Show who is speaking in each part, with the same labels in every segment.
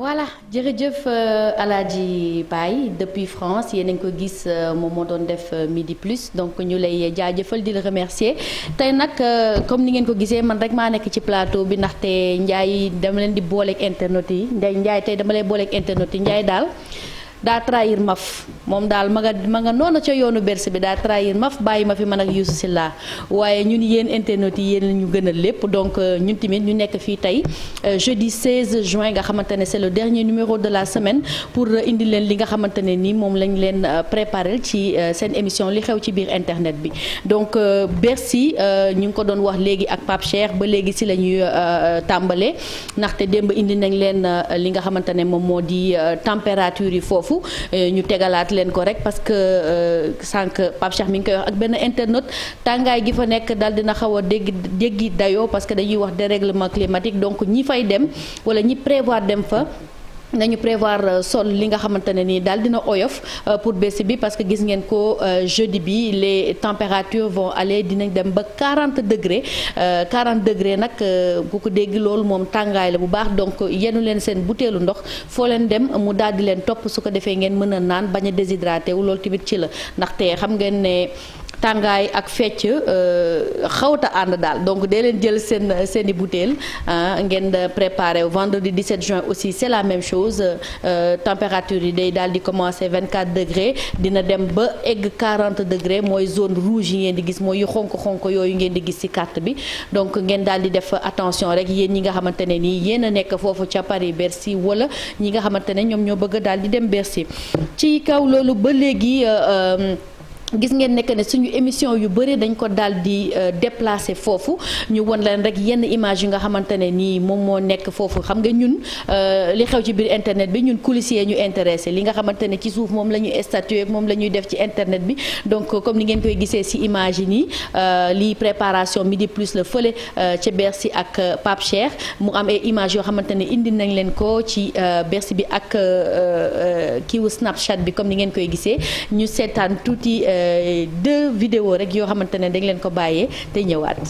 Speaker 1: voilà jërëjëf euh, Alaaji Baye depuis France yéen a ko gis euh, moom moo doon def euh, midi plus donc ñu lay jaajëfal di la remercier tey nag comme ni ngeen ko gisee man rek maa nekk ci plateau bi ndaxte Ndiaye dama leen di booleeg internet yi Ndiaye Ndiaye tey dama lay booleek internet yi Ndiaye daal. daa trahir maf moom daal ma nga ma nga noonu ca yoonu berse bi daa trahir maf bàyyi ma fi man ak Youssou Sylla waaye ñun yéen internet yi yéen ñu gën a lépp donc euh, ñun tamit ñu nekk fii tey euh, jeudi 16 juin nga xamante ne c'est le dernier numéro de la semaine pour euh, indi leen li nga xamante ne ni moom lañ leen préparé ci seen émission li xew ci biir internet bi donc Bercy ñu ngi ko doon wax léegi ak Pape Cheikh ba léegi si la ñuy tàmbalee ndaxte démb indi nañ leen li nga xamante ne moom moo di température yi foofu foofu euh, ñu tegalaat leen ko rek parce que euh, sànq Pape Cheikh mi ngi koy wax ak benn internet tàngaay gi fa nekk daal dina xaw a dégg déggi dayoo parce que dañuy wax dérèglement climatique donc ñi fay dem wala ñi prévoir dem fa nañu prévoir euh, sol li nga xamante ne nii daal dina oyof euh, pour bés bi parce que gis ngeen ko euh, jeudi bi les températures vont aller dinañ dem ba 40 degré 40 degré nag ku ko dégg loolu moom tàngaay la bu baax donc yenu leen seen butéelu ndox foo leen dem mu daal di leen topp su ko defee ngeen mën a naan bañ a déshydraté wu loolu tamit ci la ndaxte xam ngeen ne. tàngaay ak fecc euh, xawta ànd daal donc dee leen jël seen seen i butéel ah, ngeen préparé vendredi 17 juin aussi c'est la même chose euh, température yi day daal di commencer 24 degrés dina dem ba egg 40 degrés mooy zone rouge yi ngeen di gis mooy yu xonk-xonk yooyu ngeen di gis ci carte bi donc ngeen daal di def attention rek yéen ñi nga xamante ne nii yéen a nekk foofu ca Paris Bercy wala ñi nga xamante ne ñoom ñoo bëgg daal di dem Bercy ci kaw loolu ba léegi. Euh, gis ngeen nekk ne suñu émission yu bëri dañ ko daal di euh, déplacé foofu ñu won leen rek yenn image yu nga xamante ne nii moom moo nekk foofu xam nga ñun euh, li xew ci biir internet bi ñun coulissier ñu intéressé li nga xamante ne ci suuf moom la ñuy statuer moom la ñuy def ci internet bi donc comme ni ngeen koy gisee si image yi nii euh, lii préparation di plus la fële ca Bercy ak Pape Cheikh mu am ay image yoo xamante ne indi nañ leen ko ci Bercy bi ak kiiwu Snapchat bi comme ni ngeen koy gisee ñu seetaan tuuti Euh, deux vidéos rek yoo xamante ne dañ leen ko bàyyee te ñëwaat.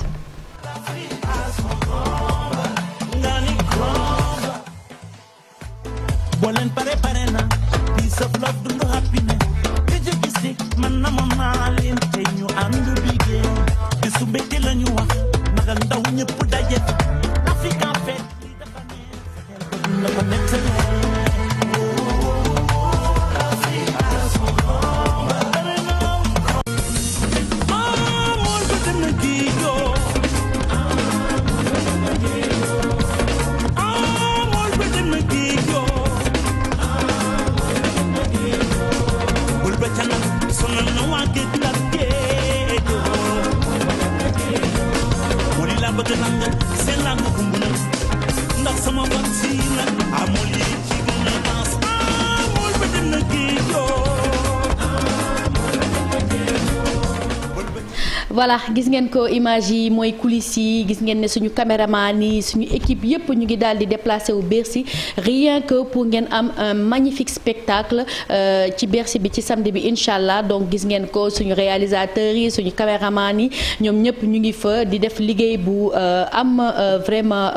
Speaker 1: voilà gis ngeen ko image yi mooy coulisses yi gis ngeen ne suñu caméraman yi suñu équipe yëpp ñu ngi daal di déplacé wu Bercy rien que pour ngeen am un magnifique spectacle euh, ci Bercy bi ci samedi bi incha allah donc gis ngeen ko suñu réalisateurs yi suñu caméraman yi ñoom ñëpp ñu ngi fa di def liggéey bu euh, am euh, vraiment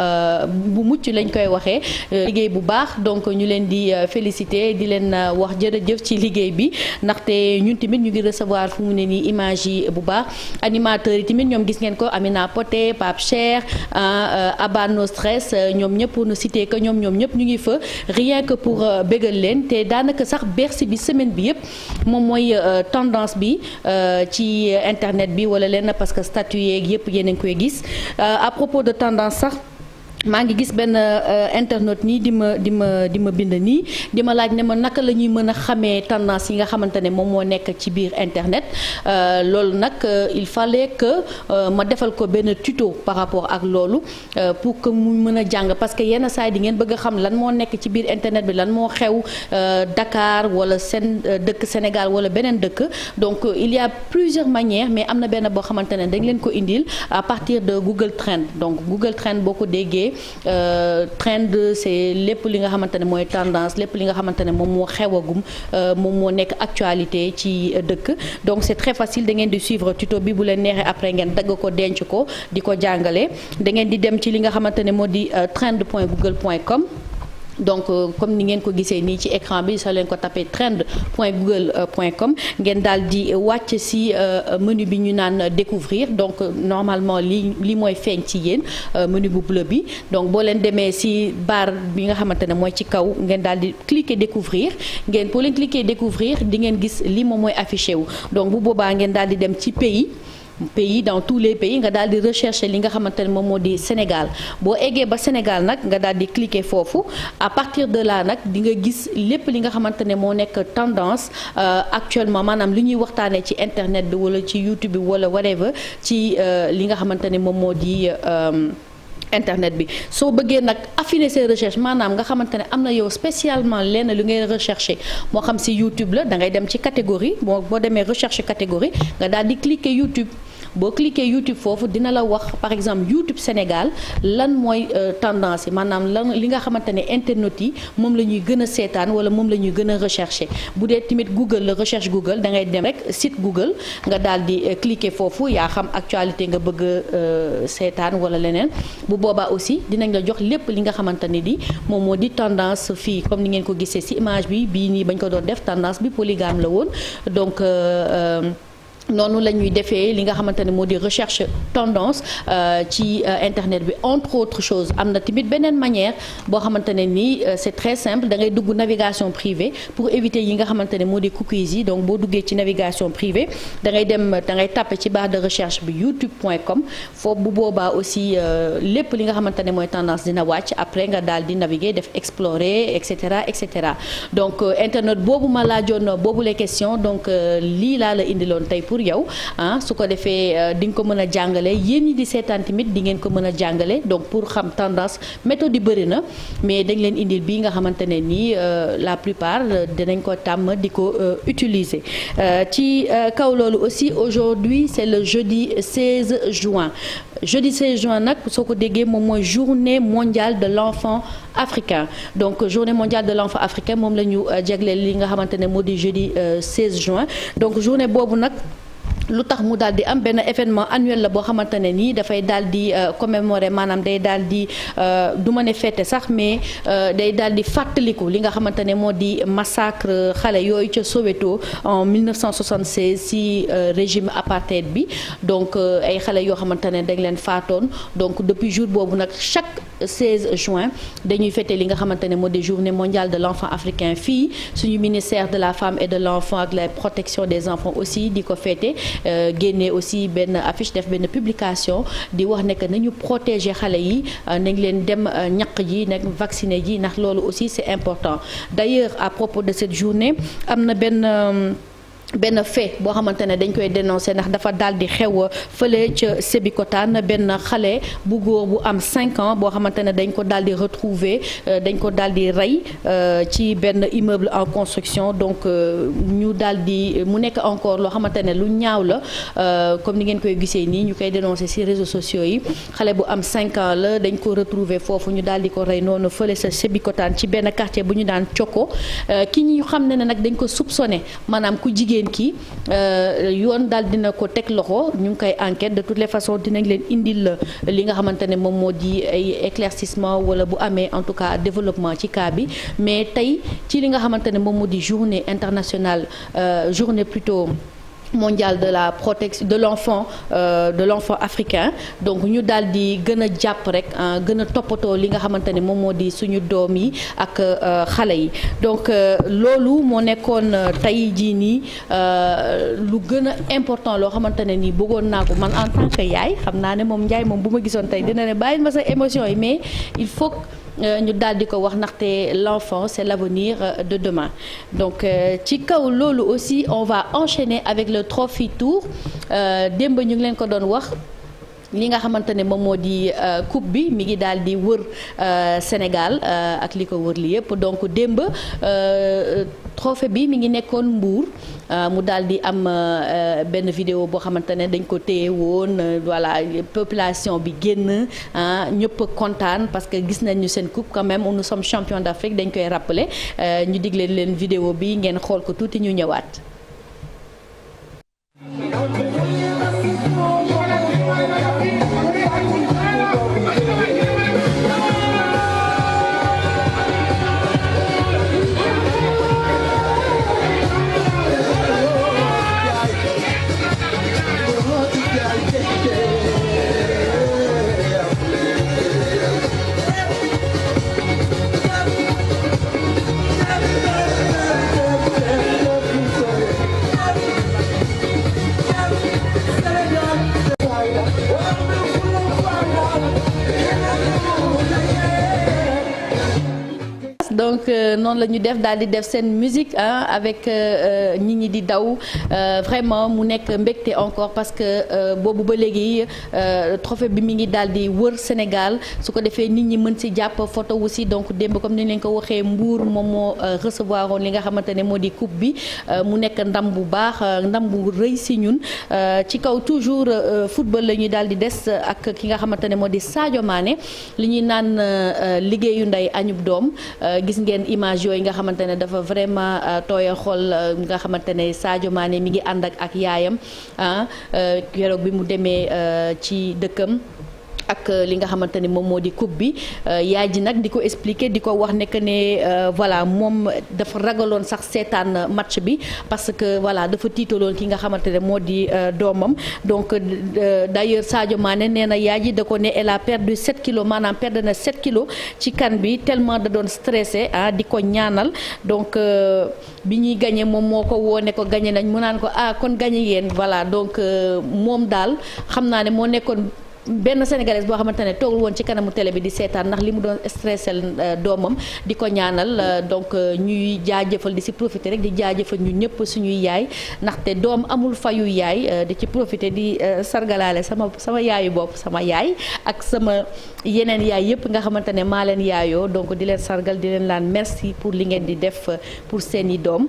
Speaker 1: bu mucc lañ koy waxee liggéey bu baax donc ñu leen di féliciter di leen wax jërëjëf ci liggéey bi ndaxte ñun tamit ñu ngi recevoir fu mu ne nii image yi bu baax. animateurs yi tamit ñoom gis ngeen ko Amina Poté Pape chair ah, euh, Abba No Stress euh, ñoom ñëpp nu cité que ñoom ñoom ñëpp ñu ngi fa rien que pour euh, bégal leen te daanaka sax Bercy bi semaine bi yëpp moom mooy tendance bi ci internet bi wala leen parce que statut yeeg yëpp yéen a ngi koy gis à propos de tendance sax. maa ngi gis benn euh, internet nii di ma di ma di ma bind nii di ma laaj ne ma naka la ñuy mën a xamee tendance yi nga xamante ne moom moo nekk ci biir internet euh, loolu nag euh, il fallait que ma defal ko benn tuto par rapport ak loolu pour que mu mën a jàng parce que yenn saa yi ngeen bëgg a xam lan moo nekk ci biir internet bi lan moo xew dakaar wala seen dëkk Sénégal wala beneen dëkk donc il y a plusieurs manières mais am na benn boo xamante ne dañ leen ko indil à partir de Google Trend donc Google Trend boo ko déggee Euh, de c'est lépp li nga xamante ne mooy tendance lépp li nga xamante ne moom moo xewagum euh, moom moo nekk actualité ci dëkk donc c'est très facile da ngeen di suivre tuto bi bu leen neexee après ngeen dagg ko denc ko di ko jàngale da ngeen di dem ci li nga xamante ne moo di euh, trend point google point com donc euh, comme ni ngeen ko gisee nii ci écran bi soo leen ko tapé trend point google euh, point comme ngeen daal di wàcc si euh, menu bi ñu naan découvrir donc normalement li lii mooy feeñ ci yéen menu bu bleu bi donc boo leen demee si bar bi nga xamante ne mooy ci kaw ngeen daal di cliquer découvrir ngeen boo leen cliquer découvrir di ngeen gis lii moom mooy affiché wu donc bu boobaa ngeen daal di dem ci pays pays dans tous les pays nga daal di rechercher li nga xamante ne moom moo di Sénégal boo eggee ba Sénégal nag nga daal di cliquer foofu à partir de la nag di nga gis lépp li nga xamante ne moo nekk tendance euh, actuellement maanaam li ñuy waxtaanee ci internet bi wala ci YouTube bi wala whatever ci euh, li nga xamante ne moom moo di. Euh, internet bi soo bëggee nag affiner ses recherches maanaam nga xamante ne am na yow spécialement lenn lu ngay recherché moo xam si YouTube la da ngay dem ci catégorie boo boo demee recherche catégorie nga daal di cliquer YouTube boo cliquer YouTube foofu dina la wax par exemple YouTube Sénégal lan mooy euh, tendance yi maanaam lan li nga xamante ne internet yi moom la ñuy gën a seetaan wala moom la ñuy gën a recherché bu dee tamit Google la recherche Google da ngay dem rek sit Google nga daal di euh, cliquer foofu yaa xam actualité nga bëgg a euh, seetaan wala leneen bu boobaa aussi dinañ la jox lépp li nga xamante ne di moom moo di tendance fii comme ni ngeen ko gisee ci image bi bii nii bañ ko doon def tendance bi polygame la woon donc. noonu la ñuy defee li nga xamante ne moo di recherche tendance euh, ci euh, internet bi entre autres choses am na tamit beneen manière boo xamante ne nii euh, c'est très simple da ngay dugg navigation privée pour éviter yi nga xamante ne moo di cookies yi donc boo duggee ci navigation privée da ngay dem da ngay tàppe ci barre de recherche bi youtube.com foofu bu boobaa aussi lépp li nga xamante ne mooy tendance dina wàcc après nga daal di naviguer def explorer et cetera cetera donc internet boobu ma laajoon boobu les questions donc lii laa la indiloon tey. pour yow ah, su ko defee euh, di nga ko mën a jàngale yéen ñi di seetaan tamit di ngeen ko mën a jàngale donc pour xam tendance méthode yi bëri na mais dañ leen indi bii nga xamante ne nii euh, la plupart euh, dinañ ko tàmm di ko utiliser ci kaw loolu aussi aujourd'hui c'est le jeudi 16 juin jeudi 16 juin nag soo ko déggee moom mooy journée mondiale de l'enfant africain donc journée mondiale de l'enfant africain moom la ñu jagleel li nga xamante ne moo di jeudi 16 juin donc journée boobu lu tax mu daal di am benn événement annuel la boo xamante ne nii dafay daal di euh, commémorer maanaam day daal di euh, du ma ne fete sax mais euh, day daal di fàttaliku li nga xamante ne moo di massacre xale yooyu ca Soweto en ci si régime apartheid bi donc ay xale yoo xamante ne dañ leen faatoon donc depuis jours boobu nag chaque 16 juin dañuy fêter li nga xamante ne moo di journée mondiale de l' enfant africain fii suñu ministère de la femme et de l' enfant ak la protection des enfants aussi di ko fêter euh, génne aussi benn affiche def benn publication di wax ne que nañu protéger xale yi euh, nañ leen dem euh, ñaq ji nag vacciner ji ndax loolu aussi c' est important d' à propos de cette journée am na benn benn fait boo xamante ne dañ koy dénoncé ndax dafa daal di xew fële ca Sébikotane benn xale bu góor bu am 5 ans boo xamante ne dañ ko daal di retrouver euh, dañ ko daal di rey euh, ci benn immeuble en construction donc euh, ñu daal di mu nekk encore loo xamante ne lu ñaaw la comme ni ngeen koy gisee nii ñu koy dénoncé si réseau sociaux yi xale bu am 5 ans la dañ ko retrouver foofu ñu daal di ko rey noonu fële sa Sébikotane ci benn quartier bu ñu daan Cokko ki xam ne dañ ko soupçonné jigéen ki euh, yoon daal dina ko teg loxo ñu ngi koy enquête de toutes les façons dinañ leen indil euh, li nga xamante ne moom moo di ay éclaircissement wala bu amee en tout cas développement ci kaa bi mais tey ci li nga xamante ne moom moo di journée internationale euh, journée plutôt mondial de la protection de l'enfant euh, de l'enfant africain donc ñu daal di gën a jàpp rek euh, gën a toppatoo li nga xamante ne moom moo di suñu doom yi ak euh, xale yi donc euh, loolu moo nekkoon tey jii nii lu gën a important loo xamante ne nii bëggoon naa ko man en tant yaay xam naa ne moom Ndiaye moom bu ma gisoon tey dina ne bàyyi ma sa émotion yi mais il faut Euh, ñu daal di ko wax ndaxte l'enfant c'est l'avenir euh, de demain donc euh, ci kaw loolu aussi on va enchaîner avec le Trophy Tour démb ñu ngi leen ko doon wax li nga xamante ne moom moo di coupe bi mi ngi daal di wër Sénégal ak li ko wër li yëpp donc démb trophée bi mi ngi nekkoon Mbour euh, mu daal di am euh, benn vidéo boo xamante ne dañ ko téye woon euh, voilà population bi génn ñëpp kontaan parce que gis nañu seen coupe quand même som sommes champions d'Afrique dañ koy rappeler ñu digle leen vidéo bi ngeen xool ko tuuti ñu ñëwaat. la ñu def daal di def seen musique ah avec euh, euh, ñi ñi di daw euh, vraiment mu nekk mbégte encore parce que boobu ba léegi trophée bi mu ngi daal di wër Sénégal su ko defee nit ñi mën si jàpp photo aussi donc démb comme ni leen ko waxee Mbour moom moo recevoir woon li nga xamante ne moo di coupe bi mu nekk ndam bu baax ndam bu rëy si ñun ci kaw toujours football la ñuy daal di des ak ki nga xamante ne moo di Sadio Mané li ñuy naan liggéeyu ndey añub doom gis ngeen image yooyu yooyu nga xamante ne dafa vraiment euh, tooya xol euh, nga xamante ne Sadio maane mi ngi ànd ak ak yaayam ah euh, keroog bi mu demee ci dëkkam. ak euh, li nga xamante ni moom moo di coupe bi euh, yaay ji nag di ko expliquer di ko wax ne que ne euh, voilà moom dafa ragaloon sax seetaan match bi parce que voilà dafa tiitaloon ki nga xamante ne moo di doomam donc d'ailleurs Sadio Mané nee na yaay ji da ko ne elle a perdu 7 kilos maanaam perdre na 7 kilos ci kan bi tellement da doon stressé ah, di ko ñaanal donc bi ñuy gañee moom moo ko woone ko gañe nañ mu naan ko ah kon gagné yéen voilà donc moom daal xam naa ne moo nekkoon. benn sénégalaise boo xamante ne toogul woon ci kanamu tele bi di seetaan ndax li mu doon stressel euh, doomam di ko ñaanal euh, donc euh, ñuy jaajëfal di si profité rek di jaajëfal ñu ñëpp suñuy yaay ndaxte doom amul fayu yaay di ci profité di sargalaale sama sama yaayu bopp sama yaay ak sama yeneen yaay yëpp nga xamante ne maa leen yaayoo donc di leen sargal di leen laan merci pour li ngeen di def pour seeni doom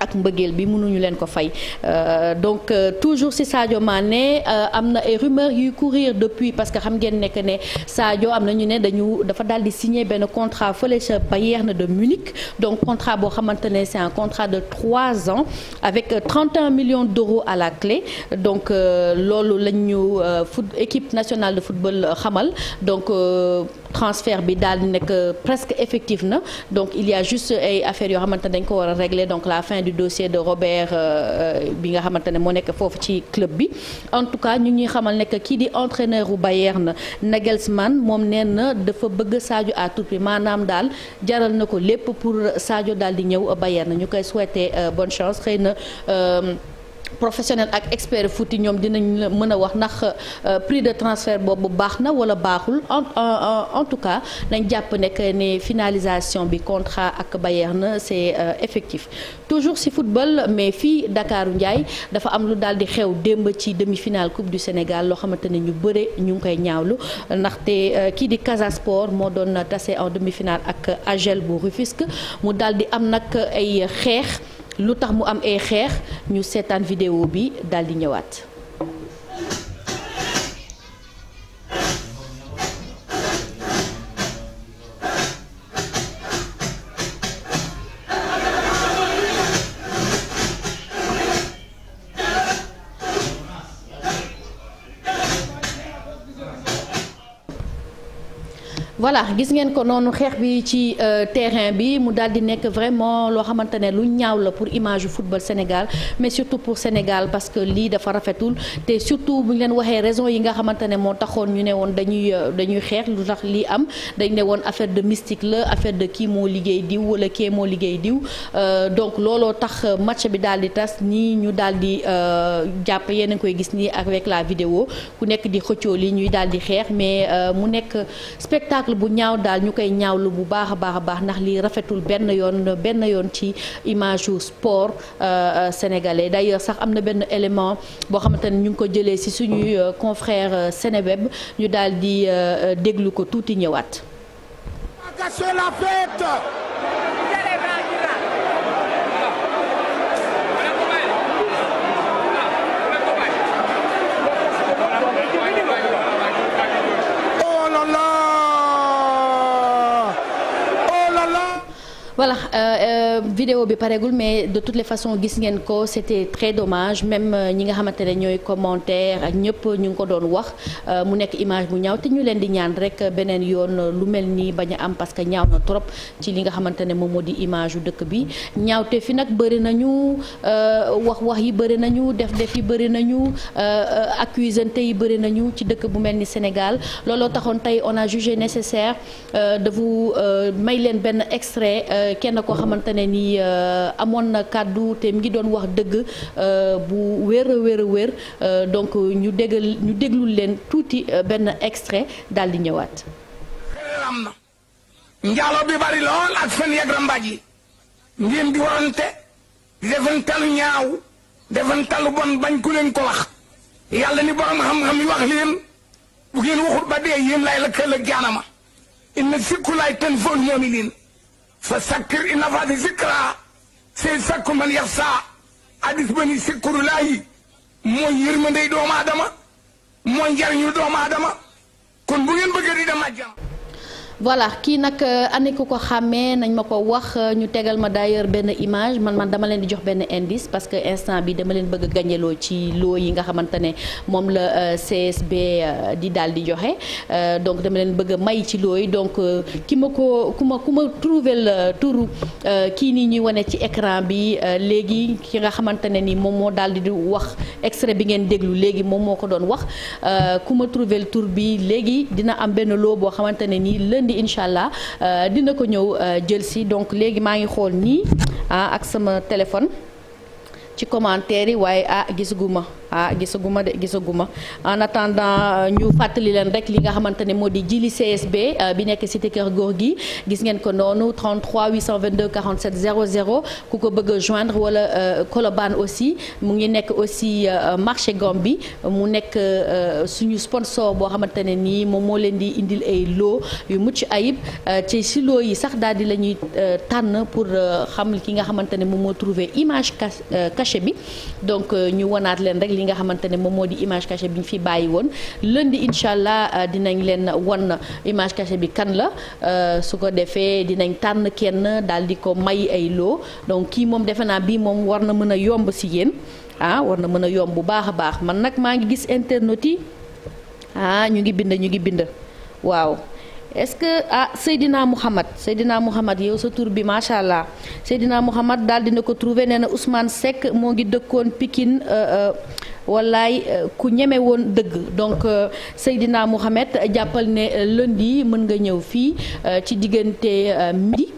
Speaker 1: ak mbëggeel bi mënuñu leen ko fay euh, donc euh, toujours si Sadio Mané euh, am na ay rumeurs yuy courir depuis parce que xam ngeen nekk ne Sadio am na ñu ne dañu dafa daal di signer benn contrat fële ca Bayern de Munich donc contrat boo xamante ne c'est un contrat de trois ans avec 31 millions d'euros à la clé donc loolu lañ ñu foot équipe nationale de football xamal donc. transfert bi daal di nekk euh, presque effective na donc il y juste ay affaires yoo xamante ne dañ ko war a régler donc la fin du dossier de Robert euh, euh, bi nga xamante ne moo nekk foofu ci club bi en tout cas ñu ñuy xamal nekk kii di entraîneur u Bayern Nagelsmann moom nee na dafa bëgg Sadio à tout prix maanaam daal jaral na ko lépp pour Sadio daal di ñëw na ñu koy souhaiter bonne chance xëy na professionnel ak expert foot ñoom dinañ la mën a wax ndax euh, prix de transfert boobu baax na wala baaxul en en tout cas nañ jàpp nekk ne finalisation bi contrat ak na c'est euh, effectif toujours si football mais fii ndakaaru Ndiaye dafa am lu daal di xew démb ci demi-finale Coupe du Sénégal loo xamante ne ñu bëre ñu ngi koy ñaawlu ndaxte euh, kii di Casa Sport moo doon tase en demi-finale ak agelle bu Rufisque mu daal di am nag ay xeex lu tax mu am ay xeex ñu seetaan vidéo bi dal di ñëwaat. voilà gis ngeen ko noonu xeex bi ci euh, terrain bi mu daal di nekk vraiment loo xamante ne lu ñaaw la pour image yu football Sénégal mais surtout pour Sénégal parce que lii dafa rafetul te surtout bu ñu leen waxee raison yi nga xamante ne moo taxoon ñu ne woon dañuy euh, dañuy xeex lu tax lii am dañ ne woon affaire de mystique la affaire de kii moo liggéey diw wala kii moo liggéey diw euh, donc looloo tax match bi daal di tas nii ñu daal di jàpp yéen a ngi koy gis nii avec la vidéo ku nekk di xëccoo li ñuy daal di xeex mais mu nekk bu ñaaw daal ñu koy ñaawlu bu baax a baax a baax ndax lii rafetul benn yoon benn yoon ci image yu sport euh, euh, sénégalais d'ailleurs sax am na benn élément boo xamante ne ñu ngi ko jëlee ci suñuy euh, confrère Seneweb ñu daal di déglu ko tuuti ñëwaat. voilà euh, euh, vidéo bi pareegul mais de toutes les façons gis ngeen ko c'était très dommage même euh, ñi nga xamante ne ñooy commentaire ak ñëpp ñu ngi ko doon wax euh, mu nekk image bu ñaaw te ñu leen di ñaan rek beneen yoon lu mel nii bañ a am parce que ñaaw na trop ci li nga xamante ne moom moo di image yu dëkk bi ñaaw te fi nag bëri nañu wax wax yi bëri nañu def def yi bëri nañu accusante yi bëri nañu ci dëkk bu mel ni Sénégal looloo taxoon tey on a jugé nécessaire de may leen benn extrait. kenn koo xamante ne ni euh, amoon na kàddu te mi ngi doon wax dëgg euh, bu wér a wér euh, donc ñu déggal ñu déglul leen tuuti benn extrait daal di ñëwaat. am na njaalo bi bari lool ak fen yeg yi ngeen di warante defantalu ñaaw defantalu bon bañ ku leen ko wax yàlla ni borom xam-xam yi wax leen bu ngeen waxut ba dee yéen laay la këll ak jaanama inna sikku laay ten foon moominiin fa sakkir i nafaati sikra sey sakku man yax saa hadis ba ni sikkuru laayi mooy yërmandey doomu aadama mooy njariñu doomu aadama kon bu ngeen bëggee di dem àjjana voilà kii nag euh, ani ku ko xàmmee nañ ma ko wax euh, ñu tegal ma d'ailleurs benn image man man dama leen di jox benn indice parce que instant bi dama leen bëgg a gañeloo ci loo yi nga xamante ne moom la euh, CSB di daal di joxe donc dama leen bëgg may ci loo yi donc ki ma ko ku ma ku ma trouvel turu kii nii ñuy wane ci écran bi léegi ki nga xamante ne ni moom moo daal di wax extrait bi ngeen déglu léegi moom moo ko doon wax ku ma trouvel tour bi léegi dina am benn loo boo xamante ne nii lundi incha allah euh, dina ko ñëw euh, jël si donc léegi maa ngi xool nii ah ak sama téléphone ci commentaire yi waaye ah gisaguma ah gisaguma de gisaguma en attendant euh, ñu fàttali leen rek li nga xamante ne moo di jili CSB euh, bi nekk cité Kër Góor gi gis ngeen ko noonu 33 822 47 00 ku ko bëgg a joindre wala euh, Colobane aussi mu ngi nekk aussi marché bi mu nekk suñu sponsor boo xamante ne nii moom moo leen di indil ay loo yu mucc ayib ci si loo yi sax daal di la ñuy tànn pour xam ki nga xamante ne moom moo trouvé image cachée bi donc ñu wanaat leen rek. li nga xamante ne moom moo di image cachée bi ñu fi bàyyi woon lundi incha allah euh, dinañ leen won image cachée bi kan la euh, su ko defee dinañ tànn kenn daal di ko may ay loo donc kii moom defe naa bii moom war na mën a yomb si yéen ah war na mën a yomb bu baax a baax man nag maa ngi gis internet yi ah ñu ngi bind ñu ngi bind waaw. est-ce que ah Seydina Mouhamad Seydina Mouhamad yow sa tur bi macha allah Seydina Mouhamad daal dina ko trouver nee na Ousmane Seck moo ngi dëkkoon Pikine euh, euh, wallaay euh, ku ñeme woon dëgg donc Seydina Mouhamed jàppal ne lundi mën nga ñëw fii ci diggante midi.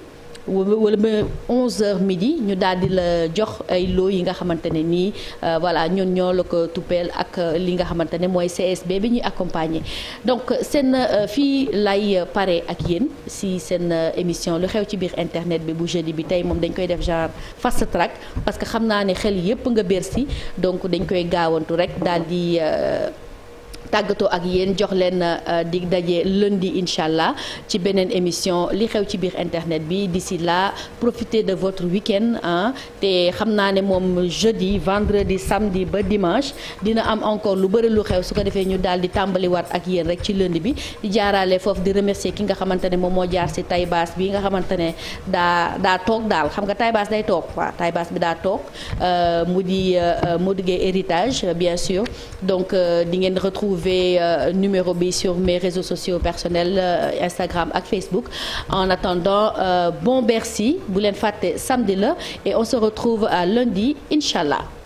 Speaker 1: wala ba 11h midi ñu daal di la jox ay loo yi nga xamante ne nii euh, voilà ñun ñoo la ko tuppeel ak euh, li nga xamante ne mooy CSB bi ñuy accompagner donc seen euh, fii lay pare ak yéen si seen émission lu xew ci biir internet bi bu jeudi bi tey moom dañ koy def genre fast track parce que xam naa ne xel yépp nga bersi donc dañ koy gaawantu rek daal di. tàggatoo ak yéen jox leen euh, di dajee lundi incha allah ci beneen émission li xew ci biir internet bi si là profitez de votre week-end ah te xam naa ne moom jeudi vendredi samedi ba dimanche dina am encore lu bëri lu xew su ko defee ñu daal di tàmbaliwaat ak yéen rek ci lundi bi di jaaraale foofu di remercier ki nga xamante ne moom moo jaar si taybaas bi nga xamante ne daa daa toog daal xam nga taybaas day toog waaw taybaas bi daa toog euh, mu di euh, mu duggee héritage bien retrouver euh, numéro bi sur mes réseaux sociaux personnels euh, Instagram ak Facebook en attendant euh, bon merci bu leen fàtte samedi la et on se retrouve à lundi incha allah